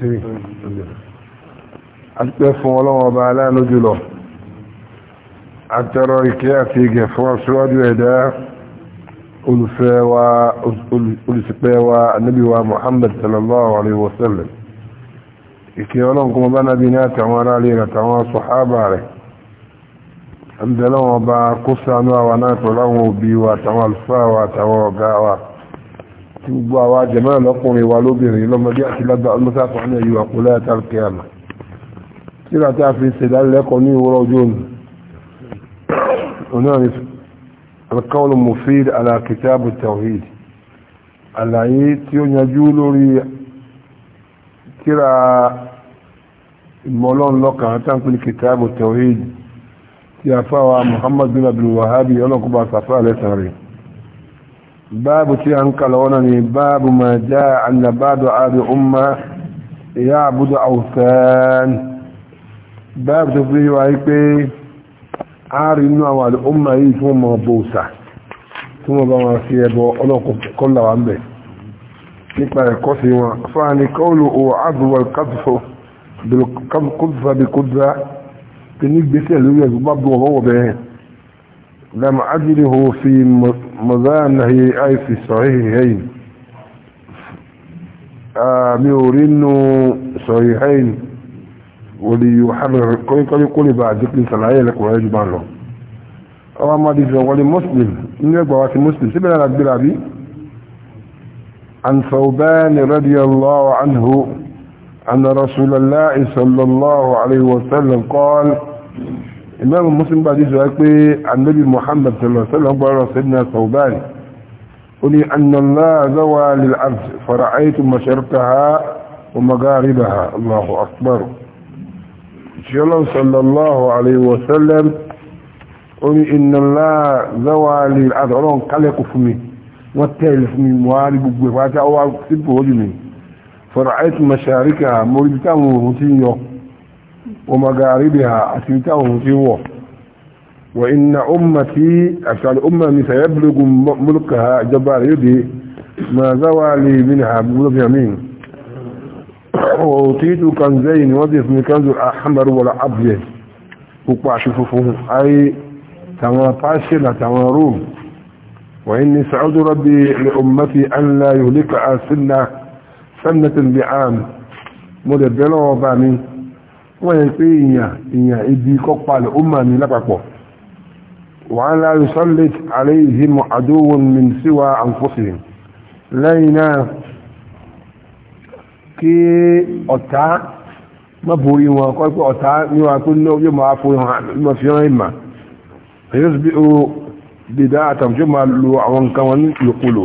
tírì àtúpẹ́ fún ọlọ́wọ́ ọba aláàánú jùlọ àtẹrọ ìkẹ́ àti ìgẹ̀ fún aṣíwájú ẹ̀dá olùfẹ́ wa olùsìpẹ́ wa anábì wa Muhammad sallallahu alaihi wasallam ìkẹ́ ọlọ́run kọmọ bá nábi ní àtàwọn ará lè àtàwọn sọ̀hábà rẹ̀ àbẹ̀lọ́wọ́ ọba àti gbogbo àwa jẹ̀mọ́ lọ́kùnrin wa lóbìnrin lọ́mọdé àti lágbà ọlọ́sàkùn àná yìí wà kó láyàtà kẹ́àmà síra tí a fi ṣèdánilẹ́kọ̀ọ́ ní ìwọ́rọ̀ ojú òní onáà ni alkawlu mufid ala kitabu tawhid àlàyé tí ó yanjú lórí kíra ìmọ̀lọ́n lọ́kàn tánkùn kitabu tawhid tí a fáwa muhammad bin wahabi ọlọ́kùnbà sàfà lẹ́sàn rẹ̀ باب تيانكالونني باب ما جاء أن بعض آل أمة يعبد أوثان باب تفريه وعيكي ààrin inú àwọn àlùmọ̀ yìí tí wọ́n mọ̀ bóòsà tí wọ́n bá wọn sí ẹbọ ọlọ́kọ̀ọ́lá wà ń bẹ̀ nípa ẹ̀kọ́ sí wọn fáàní kọ́ọ̀lù o àdúwọ̀ kọ́dùfà bí kọ́dùfà tí ní gbésẹ̀ lórí ẹ̀gbọ́n bá bọ̀ wọ́wọ́ bẹ̀rẹ̀ لم أجله في مذانه أي في صحيحين ميورين صحيحين وليحرر كل كل كل بعد ذكر صلاحي لك ويجب عنه أو دي ولي مسلم من يقبوات مسلم سبنا لك بلابي عن ثوبان رضي الله عنه أن رسول الله صلى الله عليه وسلم قال الإمام المسلم بعد ذلك يقول عن نبي محمد صلى الله عليه وسلم قال سيدنا صوباني قل أن الله زوى للعرض فرأيت مشرقها ومغاربها الله أكبر جل صلى الله عليه وسلم قل إن الله زوى للعرض ألون قلق فمي واتهل فمي موارب فاتح أو أكسب فرأيت مشاركها مريبتان ومسين ومغاربها أسمتهم سوى وإن أمتي أشعر امة سيبلغ ملكها جبار يدي ما زوى لي منها ملك يمين وأوتيت كنزين وضيف من كنز الأحمر والأبيض وقع شفوفه أي تما فاشل تما روم وإني سعود ربي لأمتي أن لا يهلك سنة سنة بعام مدبلة وبامين wọ́n yẹ pé èèyàn èèyàn ibi kọ́pàlẹ̀ ó mà ní lápapọ̀ wọ́n la yusallit alayhim aduwwun min siwa anfusihim lẹ́yìn náà kí ọ̀tá má borí wọn kọ́ pé ọ̀tá ní wọn pé yóò máa fún ìmà èyí sì bí ó bìdá àtàmjọ́ máa lo àwọn nǹkan wọn ní ìlòkulò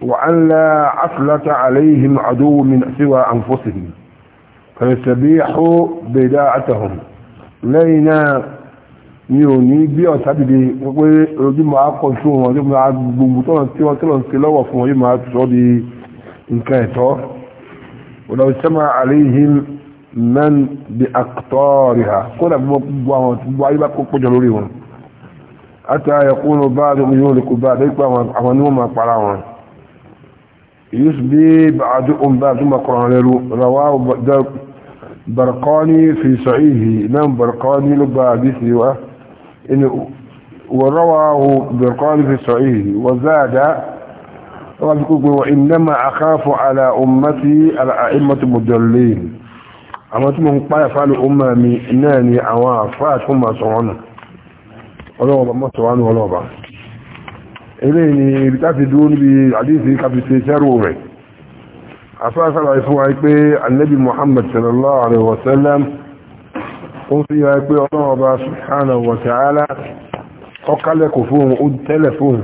وأن لا عفلة عليهم عدو من سوى أنفسهم فيستبيحوا بداعتهم لينا ni o ní bí ọ̀tá dìde wípé ojú máa kọ̀ sí wọn yóò máa gbogbo tó wọn tí wọn tí wọn ti lọ́wọ́ fún wọn yóò máa sọ di nǹkan ẹ̀tọ́ ọ̀dọ̀ ìṣẹ́mà àríhìn mẹ́n bí àkọ́tọ́ rẹ̀ ha kó dàbí wọn gbogbo àwọn tí gbogbo ayé bá kó pọ̀jọ lórí wọn àti àyẹ̀kú ló bá a lè mú yóò lè kó bá a lè pa àwọn ni wọ́n máa para wọn. يسبي بعضهم بعض ثم قرآن رواه برقاني في صحيحه إمام برقاني لبعضه ورواه برقاني في صحيحه وزاد وإنما أخاف على أمتي الأئمة المدلين أما تمهم قال فعل أمامي إناني أوافات هم سعونا ولو بما سعونا ولو بما eléyìí ibi táfi dúró níbi àdífi káfi ṣe ṣẹ́rù rẹ̀ afẹ́sára ìfún wa pé annabi muhammad sallallahu alaihi wasallam ó fi ya pé ọlọ́ọ̀bá subhanahu wa ta'ala ọkálẹ̀ kò fún ó tẹ́lẹ̀ fún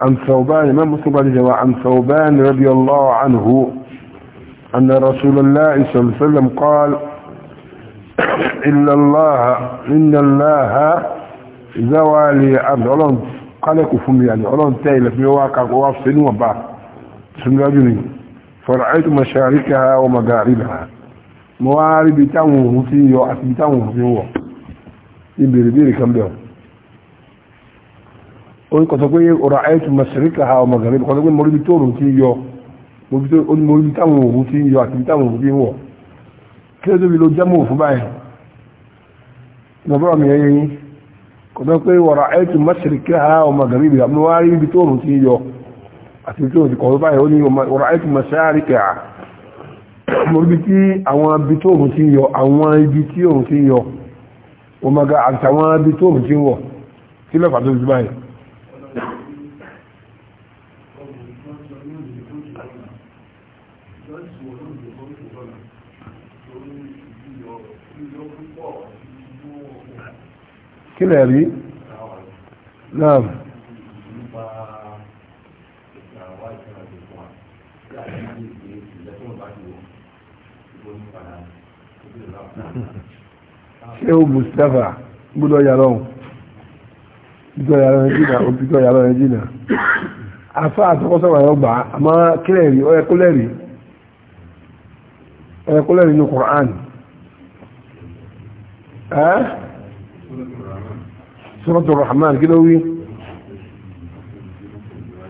amsauban imam musulman da jawa amsauban radiyallahu anhu anna rasulullah sallallahu qal illa allah inna allah zawali abdullah kálẹ̀kù fún mi àní ọlọ́run tẹ́ ilẹ̀ fi wá kakọ wá fẹ́ níwọ̀n bá sunwájú ni fara'aytu masharikaha wa magharibaha mo wá rí ibi táwọn òun ti yọ àti ibi táwọn òun ti wọ̀ ìbèrè bèrè kan bẹ̀rẹ̀ orí kọ̀tọ̀ pé ọ̀rọ̀ ayẹ́tù masirika ha ọmọ gàrí kọ̀tọ̀ pé mọ̀rí tó rùn mọ̀rí táwọn òhun kọ̀dọ̀ pé wọ̀rọ̀ àìtù mọ́sílìkì ha ọmọ gàrí bí àmì wárí ibi tó rùn sí yọ àti tó ti kọ̀dọ̀ báyìí ó ní wọ̀rọ̀ àìtù mọ́sílìkì ha mọ̀rúbi tí àwọn ibi tó rùn sí yọ àwọn ibi tí rùn sí yọ ọmọ gà àtàwọn ibi tó rùn sí wọ̀ sí lọ́fà ti báyìí kí lè rí náà ṣéhù mustapha gbọ́dọ̀ yàrá òun gbọ́dọ̀ yàrá òun jìnà òbítọ̀ yàrá òun jìnà afá àtọkọsọ̀rọ̀ ẹ̀rọ gbà á máa kílẹ̀ rí ọ̀ẹ́kúlẹ̀ rí ọ̀ẹ́kúlẹ̀ rí ní kùránì ẹ́ sọ́rọ̀tọ̀ rahman kí ló wí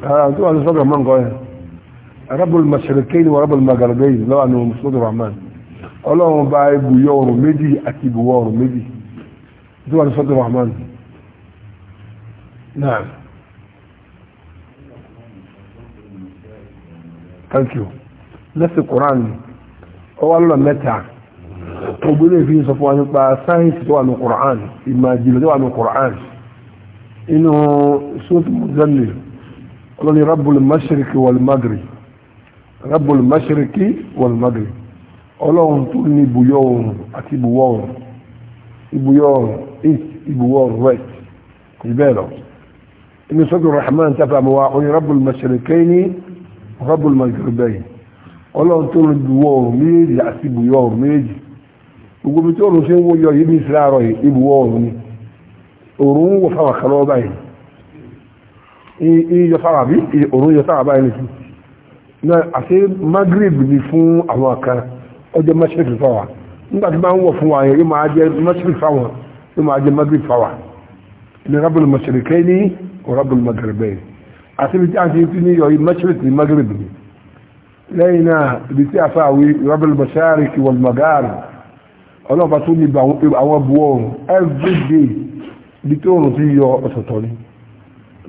ara ah, tó wà ní sọ́rọ̀tọ̀ rahman kọ́ ẹ̀ arabul mashriqayn wa arabul maghribayn lọ́wọ́ àwọn sọ́rọ̀tọ̀ rahman ọlọ́run bá ibùyọ ọ̀rùn méjì àti ibùwọ̀ ọ̀rùn méjì tó wà ní sọ́rọ̀tọ̀ rahman náà thank you lẹ́sìn quran ọwọ́ lọ́nà mẹ́ta ògbélé fi sọ fún wa nípa sáyẹ́ǹsì tó wà ní Qur'an ìmọ̀ ìjìnlẹ̀ tó wà ní Qur'an inú sóòtù muzalli ọlọ́ni rabbul mashiriki wal magri rabbul mashiriki wal magri ọlọ́run tó ní ibùyọ oòrùn àti ibùwọ̀ oòrùn ibùyọ oòrùn east ibùwọ̀ oòrùn west kò bẹ́ẹ̀ lọ inú sóòtù rahman tafa mọ́ wa ọlọ́ni rabbul mashirikaini rabbul maghribaini ọlọ́run tó ní ibùwọ̀ oòrùn méjì àti ibùyọ oòrùn méjì gbogbo tí òòrùn ṣe ń wọ́yọ yìí ní ìsìláàrọ̀ ìbùwọ̀ òòrùn ni òòrùn ń wọ fáwọn kan lọ́wọ́ báyìí iyọ sára bí òòrùn yọ sára báyìí nìkan náà àti magrib ni fún àwọn kan ọjọ́ mashrik fáwa nígbà tí máa ń wọ̀ fún wa yẹn yóò máa jẹ mashrik fáwa yóò máa jẹ magrib fáwa ní rabul mashriqaini wa rabul maghribaini àti ibi tí a ti fi ní yọ yìí mashrik ni ni lẹ́yìn náà ibi tí a fà wí rabul mashariki wal magharib ọlọ́pàá tó níbi àwọn bu oòrùn everyday bí tó oòrùn ti yọ ọ̀tọ̀ọ̀tọ̀ ni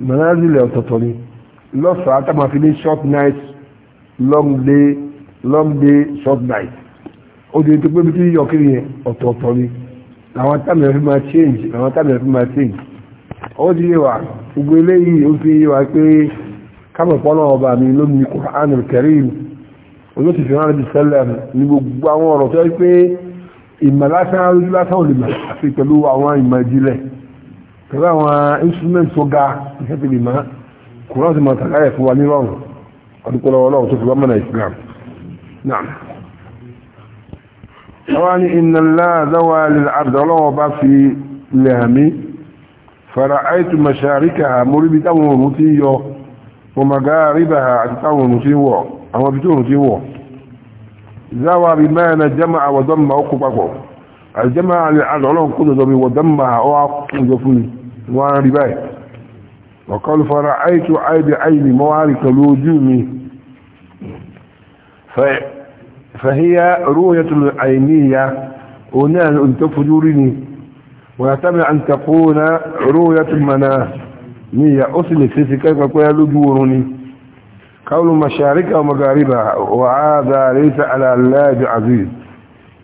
mọ̀nàzílẹ̀ ọ̀tọ̀ọ̀tọ̀ ni lọ́sàá tá ní short night long day long day short night ó di tó pé bí tí yọ kiri yẹn ọ̀tọ̀ọ̀tọ̀ ni làwọn táàmì ẹ̀ fi máa change làwọn táàmì ẹ̀ fi máa change ó di yẹwà gbogbo eléyìí ó fi yẹwà pé kámọ̀pọ̀ náà ọba mi ló ní Qur'an al-Karim olóṣèlú náà ti sẹ́lẹ̀ ní gbogbo àwọn ọ̀rọ̀ tó yẹ pé ìmọ̀ lásán arójú lásán olùmọ àti pẹ̀lú àwọn ìmọ̀ ìjìnlẹ̀ pẹ̀lú àwọn instrument tó ga iṣẹ́ ti lè mọ kùrọ̀ sí mọ̀tàkà rẹ̀ fún wa nírọ̀rùn ọdúnkọlọ ọlọ́run tó fi wọ́n mọ̀nà Islam náà àwọn ni iná láàzáwà lẹ́lẹ́dọ́lọ́wọ́ bá fi lẹ́hàmí fara àìtù mọ̀ṣàríkà móríbi táwọn òrùn ti yọ zawa bi mẹ́rin jama'a wa dọ́mà ó kó papọ̀ aljama'a lè alọ́lọ́n kó dọ̀dọ̀ bí wa dọ́mà ó wá kó jọ fún wọn rí báyìí وقال فرأيت عيب عيني موارك الوجوم ف... فهي رؤية العينية هنا أن تفجرني ويتمع أن تكون رؤية المنامية أصل في سكاك ويلجورني قول مشاركها ومغاربها وهذا ليس على الله بعزيز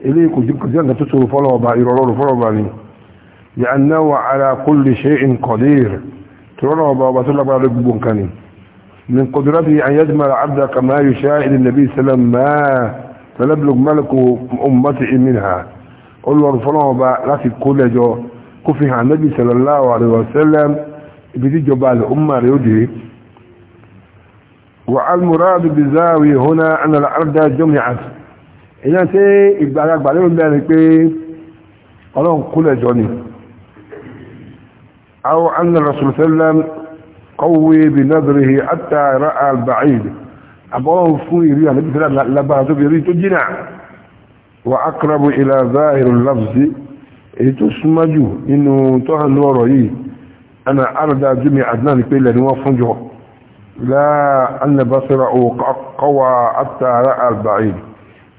إليه كجبك جنة تسر فلو بائر فلو باني لأنه على كل شيء قدير ترونه بابا تلقى ربك كني من قدرته أن يجمل عبده كما يشاء للنبي صلى الله عليه وسلم ما فلبلغ ملك أمته منها قل له رفلوه با لكن كل جو كفها النبي صلى الله عليه وسلم بدي جبال أمه يدري والمراد بالزاوية هنا أن الأرض جمعت إذا سي إبقى أكبر لهم بأنك قالهم كل جوني أو أن الرسول صلى الله عليه وسلم قوي بنظره حتى رأى البعيد أبوه فوي ريها نبي صلى الله عليه وأقرب إلى ظاهر اللفظ تسمجه إنه تهل ورهي أنا أرضى جميع أدنان كيلا نوافنجه لا أن بصره قوى حتى رأى البعيد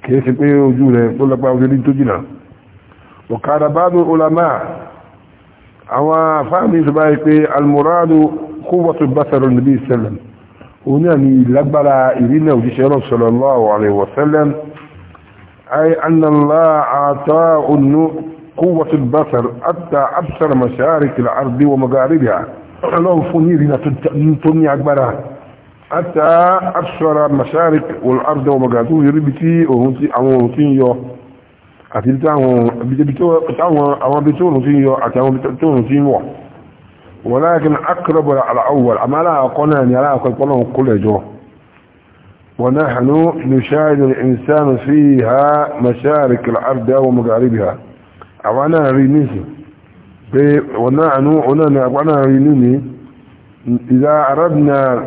كيف يبقى وجوده يقول لك وجودين تجنا وقال بعض العلماء أو فهم سبايك المراد قوة البصر النبي صلى الله عليه وسلم ونعني لبرا إلينا وجيشه صلى الله عليه وسلم أي أن الله أعطاه قوة البصر حتى أبصر مشارك الأرض ومغاربها لو فنيرنا تنتمي أكبرا حتى أبشر مشارك والأرض ومقاتو يربتي وهنتي أمو هنتينيو أتلتاهم بيتو قطعوا أمو بيتو هنتينيو أتاهم بيتو هنتينيو ولكن أقرب على الأول أما لا أقول أن يلا أقول كل كلجو ونحن نشاهد الإنسان فيها مشارك الأرض ومقاربها أولا نريد نسي إيه، إذا أردنا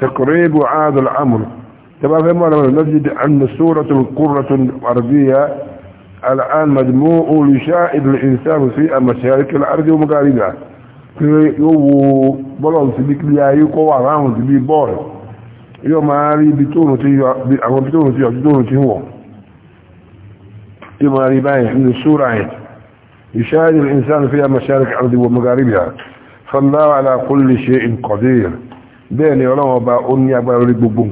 تقريب هذا الأمر تبا في نجد أن سورة القرة الأرضية الآن مجموع لشائد الإنسان في مشارك الأرض ومقاربها في بلون سبيك لياي قوة رامو سبيك بور يو ماري بتونو تيو بتونو تيو بتونو من السورة هيك يشاهد الإنسان فيها مشارك أرضه ومغاربها فالله على كل شيء قدير بين ولو بأني أبغى لبوبون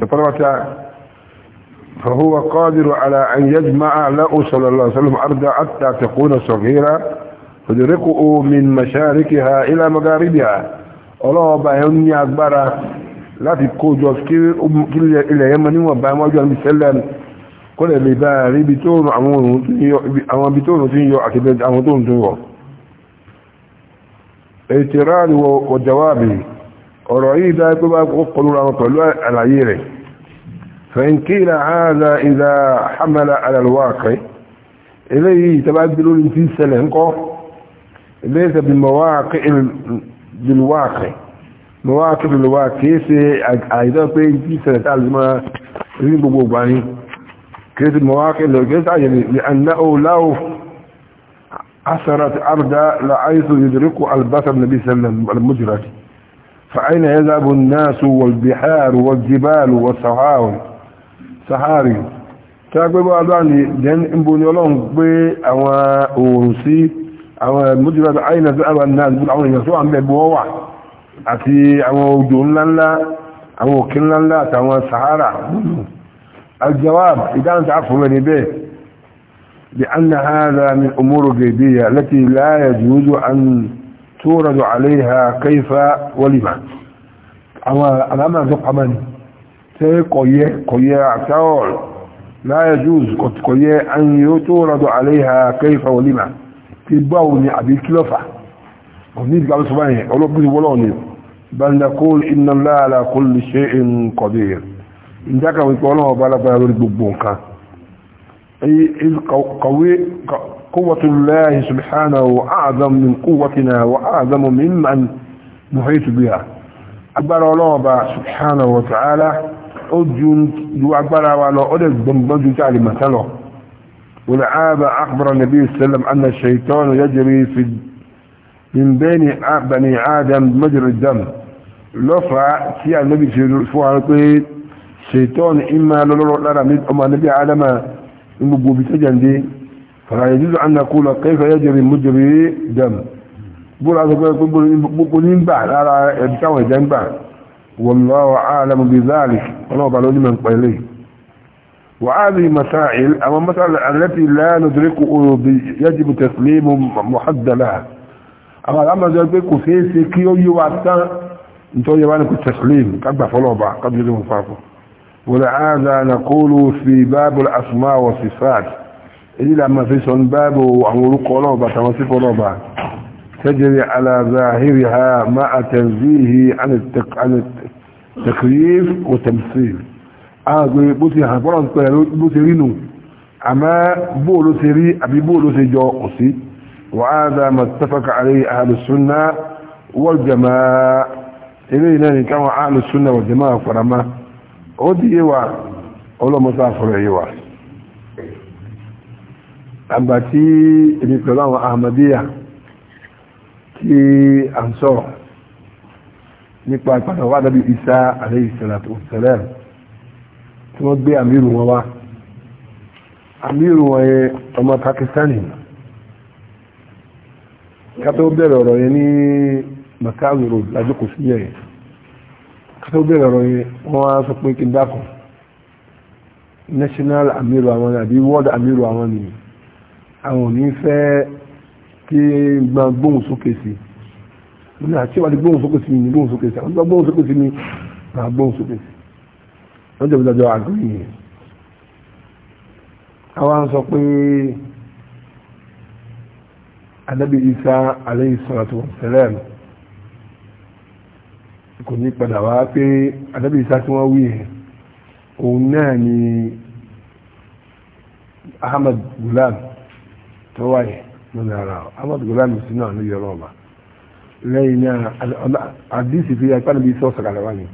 فهو قادر على أن يجمع له صلى الله عليه وسلم أرض حتى تكون صغيرة تدركه من مشاركها إلى مغاربها ولو بأني أكبر لا تكون جوز كير إلى يمني وبأني أجل kọ́lẹ̀ lè bá rí ibi tó rùn àwọn òrùn tí ń yọ àti àwọn tó ń tún wọ̀. ètè ráàlù ọjọ́wàbì ọ̀rọ̀ yìí dá tó bá kọlu àwọn pẹ̀lú àlàyé rẹ̀ fẹ̀ǹkìlà ààlà ìlà hamala alàlùwàkẹ́ eléyìí tàbá gbé lórí tí ṣẹlẹ̀ ńkọ́ lẹ́sẹ̀ ṣe àìdọ́ pé tí ṣẹlẹ̀ tààlùmọ́ rí gbogbo gbani كيد المواقع اللي جيت عجبي لأنه لو أثرت أرضا لعيث يدرك البصر النبي صلى الله عليه وسلم المدرك فأين يذهب الناس والبحار والجبال والصحاري صحاري تاكبوا أدواني جن إمبوني ولهم بأوان أورسي أوان مدرك أين ذهب الناس بالعون يسوع عم بيبوا واحد أتي أوان وجون لنلا أوان كن لنلا أوان صحارة الجواب إذا أنت عفو من به لأن هذا من أمور غيبية التي لا يجوز أن تورد عليها كيف ولما أما الأمر ذق من سيقوية قوية عتاول لا يجوز قد قوية أن يتورد عليها كيف ولما تباوني أبي كلفة ونيد قبل سبعين أولو بل نقول إن الله على كل شيء قدير wípé ọlọ́wọ́ bá lórí gbogbo nǹkan قوة الله سبحانه أعظم من قوتنا وأعظم ممن نحيط بها أكبر الله سبحانه وتعالى أجن دو أكبر ولعاب أخبر النبي صلى الله عليه وسلم أن الشيطان يجري في من بين بني آدم مجرى الدم لفع تيا النبي صلى الله عليه وسلم ṣètọ́nù ìmá lọ́lọ́rọ̀ lára ọmọ anábí adama ní gbogbo ibi tó jàǹde fàràyè jùlọ àná kó lọ kẹfà yẹ jẹrì mú jẹrì dàm bóra sọ pé gbogbo ní gbà lára ẹbí táwọn ẹ̀jẹ̀ ń gbà wallahu a'lamu bi dhalik ọlọ́ọ̀bà ló ní mọ̀ pẹ̀lẹ́ وهذه مسائل أما مسألة التي لا ندرك يجب تسليم محد لها أما الأمر ذلك في سكيو يواتان انتو يبانك التسليم كبه فلوبة قبل يوم فافو ولهذا نقول في باب الأسماء والصفات إذا ما في سن باب وعمل قلوبة تمسك قلوبة تجري على ظاهرها مع تنزيه عن التك... عن التكريف والتمثيل أقول آه، بوتي هنفرز بوتي رينو أما بولو سري أبي بولو جو قصي وهذا ما اتفق عليه أهل السنة والجماعة إلينا كما أهل السنة والجماعة فرماه ó di yíwa ọlọ́mọta fọ́rọ̀ yíwa àgbà tí èdè pẹ̀lú àwọn ahmadiyya tí a ń sọ nípa ìpàdà wà dábí isa alayhi salatu tí wọ́n gbé àmìrù wọn wá àmìrù wọn yẹ ọmọ pakistani kátó bẹ̀rẹ̀ ọ̀rọ̀ yẹn ní makaru road yẹn tó bẹ̀rẹ̀ ọ̀rọ̀ yẹn wọ́n á sọ pé kí n dákun national amiru àwọn ni àbí world amiru àwọn ni àwọn ò ní fẹ́ kí n gba gbóhùn sókè sí i ní àti ìwádìí gbóhùn sókè sí mi ní gbóhùn sókè sí i àwọn tó gbóhùn sókè sí mi máa gbóhùn sókè sí i wọ́n jẹ́ ìdájọ́ àgbóyìn yẹn àwọn sọ pé anabi isa aleyhi salatu wa salam kò ní padà wá pé adábì isa tí wọ́n wí yẹn òun náà ni ahmed gulam tó wà yẹn ara ahmed gulam sí náà ló yọrọ ọba lẹ́yìn náà àdìsí fi apá níbi sọ sàkàlẹ̀ wá ni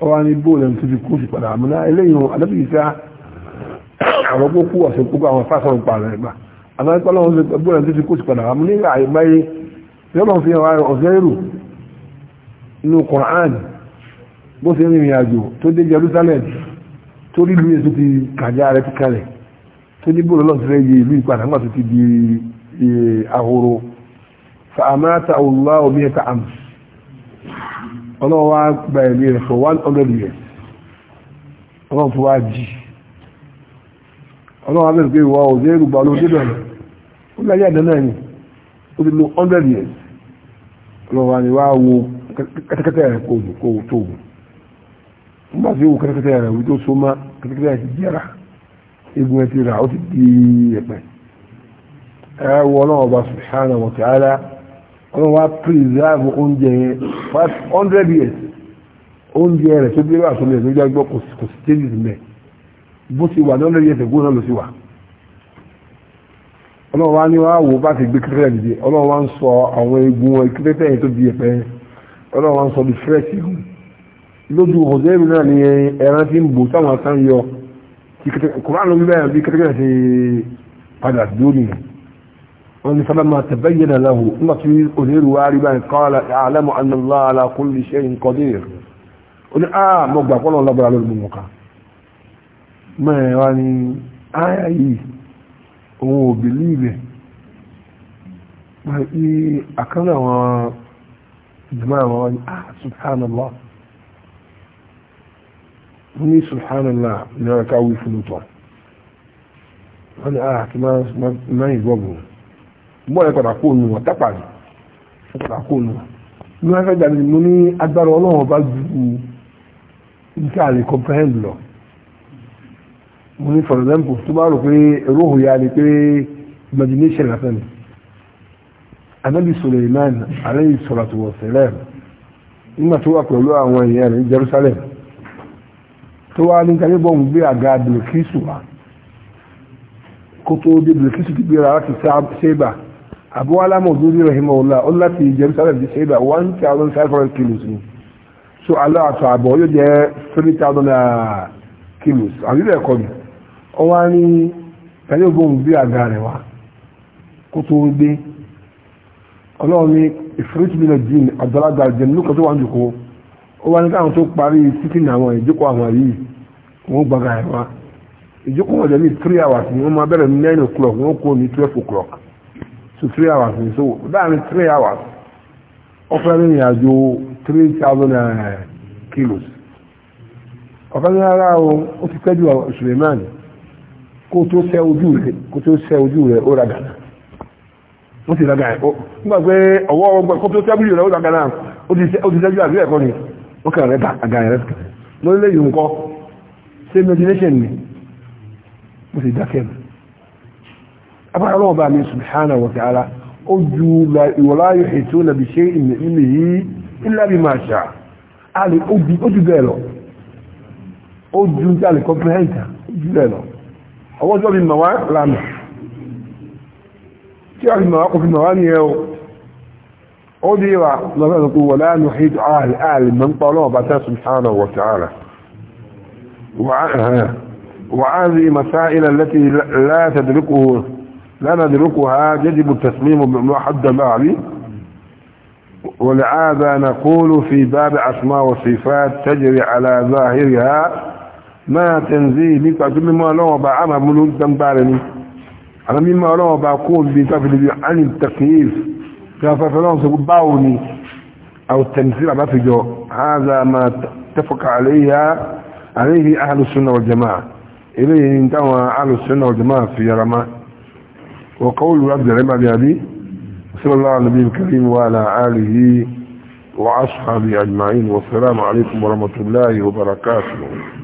ọwọ́ ní bóòlù ẹni tó ti kú sí padà àmúná eléyìí adábì isa àwọn kókó ọ̀sẹ̀ kókó àwọn fásitì ọ̀pá rẹ̀ gbà àmọ́ ẹ̀kọ́ lọ́wọ́ bóòlù ẹni tó ti kú sí padà àmúná ìgbà àìmáyé yọ́nà fi hàn ọ̀sẹ̀ èrò inú Quran bó ṣe rìnrìn àjò tó dé Jerusalem tó rí ìlú èso ti kàjá rẹ̀ ti kalẹ̀ tó ní bóòlù lọ́sí rẹ̀ yé ìlú ìpadà ńgbà tó ti di ahoro fa amata Allah omi ẹ̀ka am ọlọ́wọ́ gba ẹ̀mí rẹ̀ for one hundred years ọlọ́wọ́ tó wá jì ọlọ́wọ́ abẹ́rẹ́ pé ìwọ òde rúgbà olóòdé bẹ̀rẹ̀ ó láyé àdáná ẹ̀yìn ó ti lo hundred years ọlọ́wọ́ ni wá wo kẹ́tẹ́kẹ́tẹ́ rẹ̀ kò kò tóògùn nígbà tí ó wù kẹ́tẹ́kẹ́tẹ́ rẹ̀ wí tó so má kẹ́tẹ́kẹ́tẹ́ rẹ̀ ti jẹ́ra egun ẹ̀ ti rà ó ti di ẹ̀pẹ́ ẹ wọ ba ọba subhanahu wa ta'ala ọlọ́run wa preserve oúnjẹ yẹn five hundred years oúnjẹ rẹ̀ tó dé wà sómi ẹ̀ lójú agbọ́ kò sí changes mẹ́ bó ti wà lọ́lọ́ yẹn tẹ̀gbọ́n náà ló ti wà ọlọ́run wa ni wọ́n á wò bá ti gbé kẹ́tẹ́kẹ́tẹ́ dìde ọlọ́run wa sọ àwọn egun kẹ́tẹ́kẹ́tẹ́ yẹn tó di ẹ̀pẹ́ yẹn ọlọ́wọ́n sọ bí fẹ́ẹ̀sì hùn lójú ọ̀dẹ́rù náà ni ẹran tí ń bò táwọn kan yọ kùránù bíbẹ̀ bí kẹ́kẹ́ ti padà dóni wọ́n ní sábà máa tẹ̀bẹ́yẹ̀ náà lọ́hù nígbà tí ọ̀dẹ́rù wá rí báyìí qala a'lamu anna Allah ala kulli shay'in qadir ó ní á mọ̀ gbà pọ́nà lágbára lórí mọ̀ ká mẹ́rin wá ní áyà yìí òun ò bìlíìbẹ̀ jùmọ́ àwọn wọn ah subhanallah wọ́n ní subhanallah ní ọ̀rọ̀ káwí fún ìtọ́ wọ́n ní ah kí máa yìí gbọ́gbù mọ́ ẹ̀ padà kó nu wọn tápà ní ẹ̀ padà kó nu wọn ní wọ́n fẹ́ gbà mí mo ní agbára ọlọ́run ọba ju nǹkan àlè comprehend lọ mo ní for example tó bá rò pé róhùn ya ni pé imagination lásán ni anabi suleiman alayhi salatu wa salam nígbà tó wà pẹ̀lú àwọn èèyàn rẹ̀ ní jerusalem tó wá ní kálí bọ́ọ̀mù gbé àga bilikisu wa kó tó dé bilikisu ti gbéra láti sèbà abu alama odori rahimahullah ó láti jerusalem ti sèbà one thousand five hundred kilos ni so aláàtọ̀ àbọ̀ yóò jẹ́ three thousand ah, kilos àbí bẹ́ẹ̀ kọ́ mi ó wá ní kálí bọ́ọ̀mù gbé àga rẹ̀ wa kó tó dé ọlọ́run ní ìfúrútìmínà jean àgbàlagbà jẹ̀mú kan wà ń jòkó ó wá ní káwọn tó parí títí ní àwọn ìjókòó àwọn yìí wọ́n gbàgà ẹ̀ ìjókòó wọn jẹ́ ní three hours ni máa bẹ̀rẹ̀ ní nine o'clock wọ́n kó ní twelve o'clock so three hours ni so láàrin three hours ọ̀fẹ́ ní three thousand eh, kilos ọ̀fẹ́ ara o ó ti tẹ́jú kó tó sẹ́ ojú kó tó sẹ́ wọ́n sì lága ẹ̀ nígbà pé ọwọ́ ọgbà kó tó tẹ́bílì rẹ̀ ó lága náà ó ti tẹ́jú àbí ẹ̀kọ́ ni ó kàn rẹ̀ bá àga rẹ̀ lórí lẹ́yìn nǹkọ́ ṣe imagination ni mo sì dákẹ́ mi abára ọlọ́wọ́ bá mi subhanahu wa ta'ala ó ju ìwọláyò ètò nàbì ṣe ìmì yìí illa bima sha'a àlè ó ju bẹ́ẹ̀ lọ ó ju àlè comprehend ó ju bẹ́ẹ̀ lọ ọwọ́jọ́ mi mà wá lánàá تعرف يعني المواقف المغانية أدير الله يقول لا نحيد أهل أهل من طلوع بتا سبحانه وتعالى وعاذي مسائل التي لا تدركه لا ندركها يجب التسليم بمحدة معلي ولعاذا نقول في باب أسماء وصفات تجري على ظاهرها ما تنزيه لك جميع مالوبة عمى ملوك دنبالني انا مما روى بقول بيتفل عن التكييف كافة فلانسة باوني او التنزيل ما في جو هذا ما تفق عليها عليه اهل السنة والجماعة اليه انتوى اهل السنة والجماعة في يرماء وقول رب العلم بيادي صلى الله على نبيه الكريم وعلى آله وعصحابه أجمعين والسلام عليكم ورحمة الله وبركاته